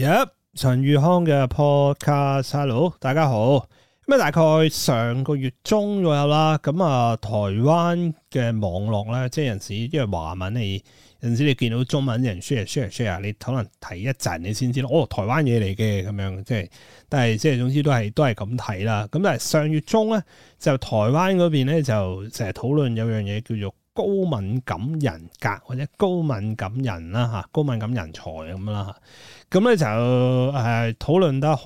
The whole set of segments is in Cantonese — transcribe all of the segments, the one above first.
Yep 陳宇康嘅 podcast，hello，大家好。咁啊，大概上個月中左右啦，咁啊，台灣嘅網絡咧，即係有陣時因為華文係，你有陣時你見到中文人 share share share，你可能睇一陣你先知咯。哦，台灣嘢嚟嘅咁樣，即係，但係即係總之都係都係咁睇啦。咁但係上月中咧，台灣就台灣嗰邊咧就成日討論有樣嘢叫做高敏感人格或者高敏感人啦，吓高敏感人才咁啦。咁咧就誒討論得好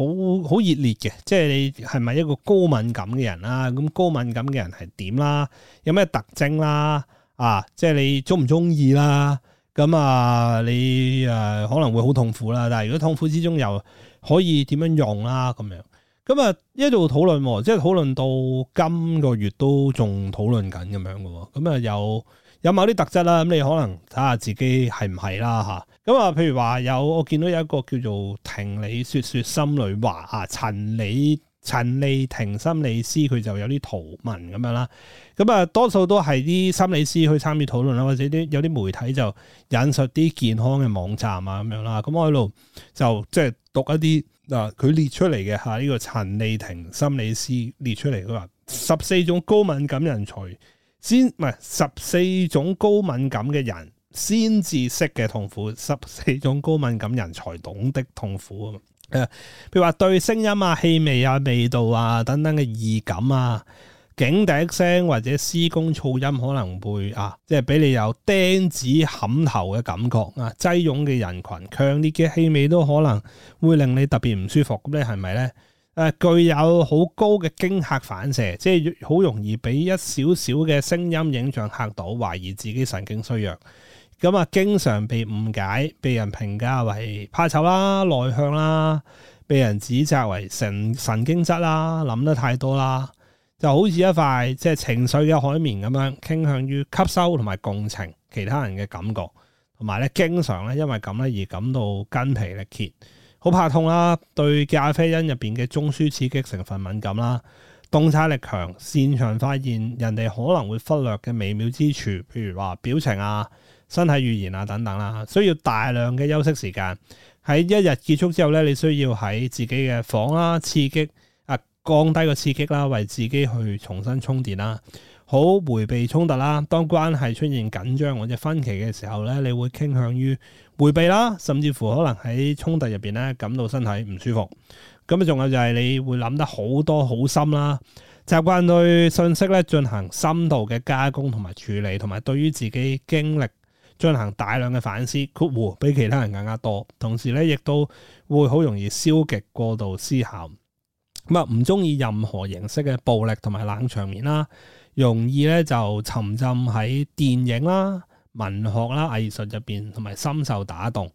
好熱烈嘅，即係你係咪一個高敏感嘅人啦？咁高敏感嘅人係點啦？有咩特徵啦？啊，即係你鍾唔鍾意啦？咁啊，你誒可能會好痛苦啦。但係如果痛苦之中又可以點樣用啦？咁樣咁啊，一度討論即係討論到今個月都仲討論緊咁樣嘅，咁啊有。有某啲特質啦，咁你可能睇下自己係唔係啦，吓咁啊。譬如話有，我見到有一個叫做“聽你說說心裏話”，啊陳李陳李婷心理師，佢就有啲圖文咁樣啦。咁啊，多數都係啲心理師去參與討論啦，或者啲有啲媒體就引述啲健康嘅網站啊咁樣啦。咁我喺度就即係讀一啲嗱，佢列出嚟嘅吓呢個陳李婷心理師列出嚟佢話十四種高敏感人才。先唔係十四種高敏感嘅人先至識嘅痛苦，十四種高敏感人才懂的痛苦啊！誒、呃，譬如話對聲音啊、氣味啊、味道啊等等嘅異感啊，警笛聲或者施工噪音可能會啊，即係俾你有釘子冚頭嘅感覺啊，擠擁嘅人群、強烈嘅氣味都可能會令你特別唔舒服，咁咧係咪咧？誒具有好高嘅驚嚇反射，即係好容易俾一少少嘅聲音影像嚇到，懷疑自己神經衰弱。咁啊，經常被誤解，被人評價為怕醜啦、內向啦，被人指責為神神經質啦、諗得太多啦，就好似一塊即係情緒嘅海綿咁樣，傾向於吸收同埋共情其他人嘅感覺，同埋咧經常咧因為咁咧而感到筋疲力竭。好怕痛啦，對咖啡因入邊嘅中樞刺激成分敏感啦，洞察力強，擅長發現人哋可能會忽略嘅微妙之處，譬如話表情啊、身體語言啊等等啦，需要大量嘅休息時間。喺一日結束之後咧，你需要喺自己嘅房啦，刺激啊，降低個刺激啦，為自己去重新充電啦。好回避衝突啦。當關係出現緊張或者分歧嘅時候咧，你會傾向於回避啦，甚至乎可能喺衝突入邊咧感到身體唔舒服。咁啊，仲有就係你會諗得好多好深啦，習慣對信息咧進行深度嘅加工同埋處理，同埋對於自己經歷進行大量嘅反思，括弧比其他人更加多。同時咧，亦都會好容易消極過度思考咁啊，唔中意任何形式嘅暴力同埋冷場面啦。容易咧就沉浸喺電影啦、文學啦、藝術入邊，同埋深受打動。誒、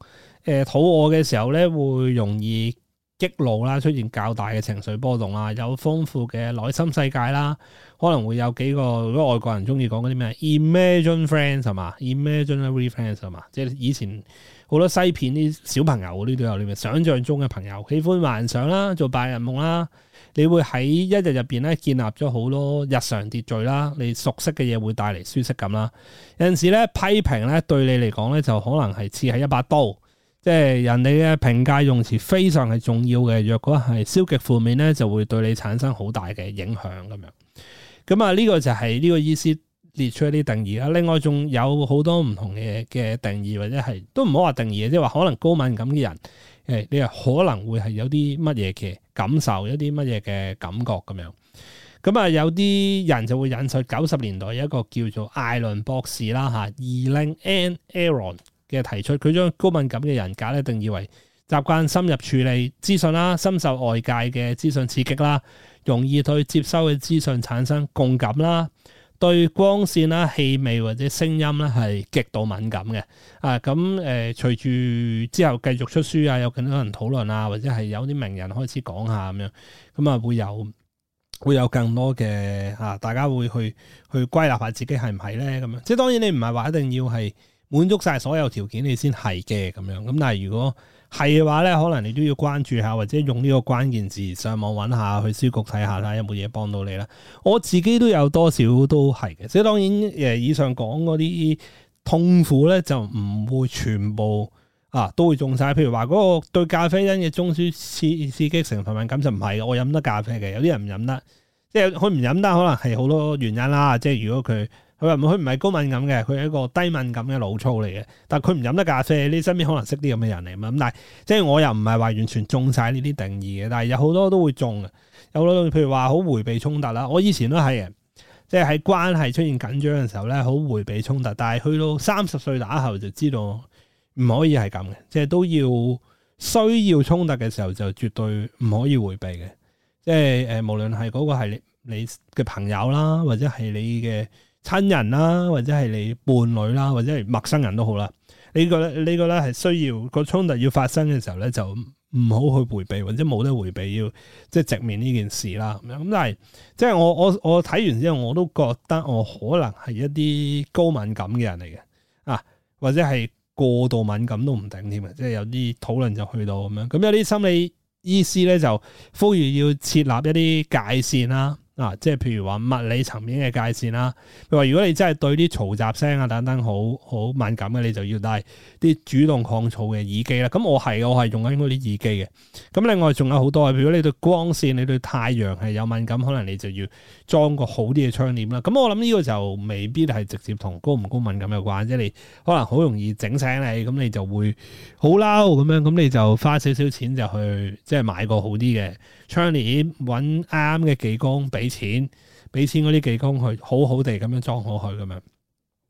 呃，肚餓嘅時候咧會容易激怒啦，出現較大嘅情緒波動啦。有豐富嘅內心世界啦，可能會有幾個。如果外國人中意講嗰啲咩，Imagine Friends 係嘛，Imaginary Friends 係嘛，即係以前。好多西片啲小朋友呢，都有你咩？想象中嘅朋友，喜歡幻想啦，做白日夢啦。你會喺一日入邊咧建立咗好多日常秩序啦。你熟悉嘅嘢會帶嚟舒適感啦。有陣時咧批評咧對你嚟講咧就可能係似係一把刀，即係人哋嘅評價用詞非常係重要嘅。若果係消極負面咧，就會對你產生好大嘅影響。咁樣咁啊，呢個就係呢個意思。列出一啲定義啦，另外仲有好多唔同嘅嘅定義，或者係都唔好話定義，即係話可能高敏感嘅人，誒，你又可能會係有啲乜嘢嘅感受，有啲乜嘢嘅感覺咁樣。咁啊，有啲人就會引述九十年代一個叫做艾倫博士啦嚇，Elaine Aron 嘅提出，佢將高敏感嘅人格咧定義為習慣深入處理資訊啦，深受外界嘅資訊刺激啦，容易對接收嘅資訊產生共感啦。對光線啦、氣味或者聲音咧係極度敏感嘅，啊咁誒、呃，隨住之後繼續出書啊，有更多人討論啊，或者係有啲名人開始講下咁樣，咁啊會有會有更多嘅吓、啊，大家會去去歸納下自己係唔係咧咁樣，即係當然你唔係話一定要係滿足晒所有條件你先係嘅咁樣，咁但係如果。係嘅話咧，可能你都要關注下，或者用呢個關鍵字上網揾下，去書局睇下啦，睇下有冇嘢幫到你啦。我自己都有多少都係嘅，即係當然，誒，以上講嗰啲痛苦咧，就唔會全部啊都會中晒。譬如話嗰個對咖啡因嘅中樞刺激成分敏感就唔係嘅，我飲得咖啡嘅，有啲人唔飲得，即係佢唔飲得，可能係好多原因啦。即係如果佢。佢話：佢唔係高敏感嘅，佢係一個低敏感嘅老粗嚟嘅。但係佢唔飲得咖啡，你身邊可能識啲咁嘅人嚟嘛。咁但係即係我又唔係話完全中晒呢啲定義嘅，但係有好多都會中嘅。有好多譬如話好迴避衝突啦。我以前都係嘅，即係喺關係出現緊張嘅時候咧，好迴避衝突。但係去到三十歲打後就知道唔可以係咁嘅，即係都要需要衝突嘅時候就絕對唔可以迴避嘅。即係誒，無論係嗰個係你你嘅朋友啦，或者係你嘅。親人啦，或者係你伴侶啦，或者係陌生人都好啦。你覺得呢個咧係需要，那個衝突要發生嘅時候咧，就唔好去迴避或者冇得迴避，要即係直面呢件事啦。咁樣咁但係即係我我我睇完之後，我都覺得我可能係一啲高敏感嘅人嚟嘅啊，或者係過度敏感都唔頂添嘅，即係有啲討論就去到咁樣。咁有啲心理醫師咧就呼籲要設立一啲界線啦。啊，即係譬如話物理層面嘅界線啦。譬如話，如果你真係對啲嘈雜聲啊等等好好敏感嘅，你就要戴啲主動抗噪嘅耳機啦。咁我係我係用緊嗰啲耳機嘅。咁另外仲有好多，譬如你對光線、你對太陽係有敏感，可能你就要裝個好啲嘅窗簾啦。咁我諗呢個就未必係直接同高唔高敏感有關，即係你可能好容易整醒你，咁你就會好嬲咁樣，咁你就花少少錢就去即係買個好啲嘅窗簾，揾啱嘅技工俾。錢俾錢嗰啲技工去好好地咁樣裝好佢咁樣，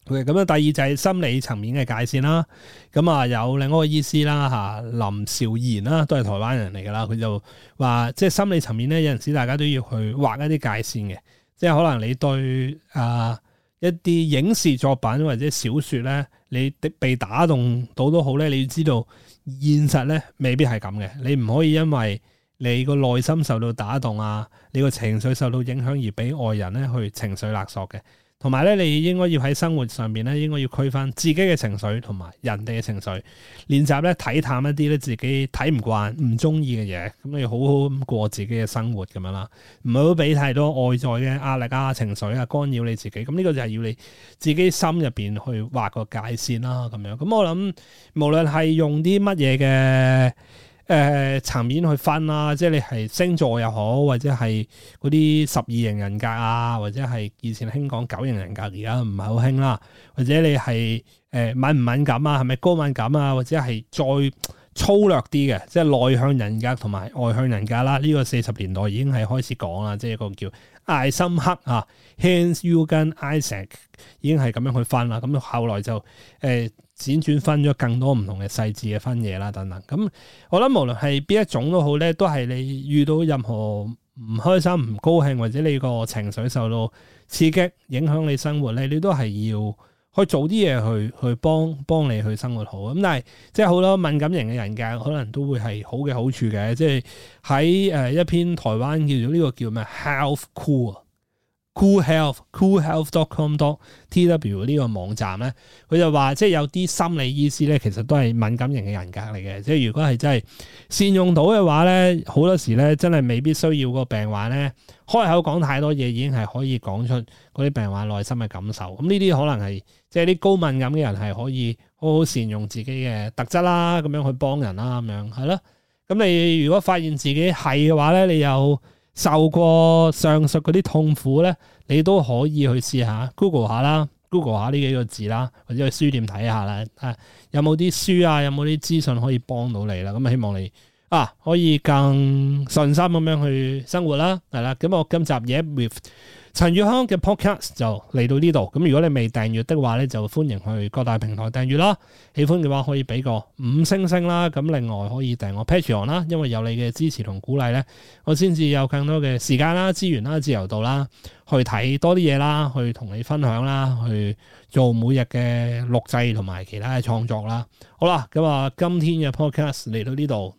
咁樣第二就係心理層面嘅界線啦。咁啊有另外一個醫師啦吓，林兆賢啦都係台灣人嚟噶啦，佢就話即係心理層面咧，有陣時大家都要去畫一啲界線嘅，即係可能你對啊、呃、一啲影視作品或者小說咧，你被打動到都好咧，你要知道現實咧未必係咁嘅，你唔可以因為。你個內心受到打動啊，你個情緒受到影響而俾外人咧去情緒勒索嘅，同埋咧，你應該要喺生活上面咧應該要區分自己嘅情緒同埋人哋嘅情緒，練習咧睇淡一啲咧自己睇唔慣唔中意嘅嘢，咁、嗯、你好好咁過自己嘅生活咁樣啦，唔好俾太多外在嘅壓力啊、情緒啊干擾你自己，咁、嗯、呢、呢個就係要你自己心入邊去劃個界線啦、啊，咁樣。咁、嗯、我諗無論係用啲乜嘢嘅。誒、呃、層面去分啦、啊，即係你係星座又好，或者係嗰啲十二型人格啊，或者係以前興講九型人格，而家唔係好興啦。或者你係誒、呃、敏唔敏感啊，係咪高敏感啊，或者係再粗略啲嘅，即係內向人格同埋外向人格啦。呢、這個四十年代已經係開始講啦，即係一個叫艾森克啊，Hans Eysenck 已經係咁樣去分啦、啊。咁後來就誒。呃輾轉分咗更多唔同嘅細緻嘅分野啦等等，咁我諗無論係邊一種都好咧，都係你遇到任何唔開心、唔高興或者你個情緒受到刺激影響你生活咧，你都係要去做啲嘢去去幫幫你去生活好。咁但係即係好多敏感型嘅人格可能都會係好嘅好處嘅，即係喺誒一篇台灣叫做呢、呢個叫咩 Health Cool。Cool Health Cool Health dot com dot T W 呢個網站咧，佢就話即係有啲心理醫師咧，其實都係敏感型嘅人格嚟嘅。即係如果係真係善用到嘅話咧，好多時咧真係未必需要個病患咧開口講太多嘢，已經係可以講出嗰啲病患內心嘅感受。咁呢啲可能係即係啲高敏感嘅人係可以好好善用自己嘅特質啦，咁樣去幫人啦，咁樣係咯。咁你如果發現自己係嘅話咧，你又？受過上述嗰啲痛苦咧，你都可以去試下，Google 下啦，Google 下呢幾個字啦，或者去書店睇下啦，啊，有冇啲書啊，有冇啲資訊可以幫到你啦？咁，嗯，希望你。啊，可以更順心咁樣去生活啦，係啦。咁我今集嘢 with 陳宇康嘅 podcast 就嚟到呢度。咁如果你未訂閱的話咧，就歡迎去各大平台訂閱啦。喜歡嘅話可以俾個五星星啦。咁另外可以訂我 patreon 啦，因為有你嘅支持同鼓勵咧，我先至有更多嘅時間啦、資源啦、自由度啦，去睇多啲嘢啦，去同你分享啦，去做每日嘅錄製同埋其他嘅創作啦。好啦，咁啊，今天嘅 podcast 嚟到呢度。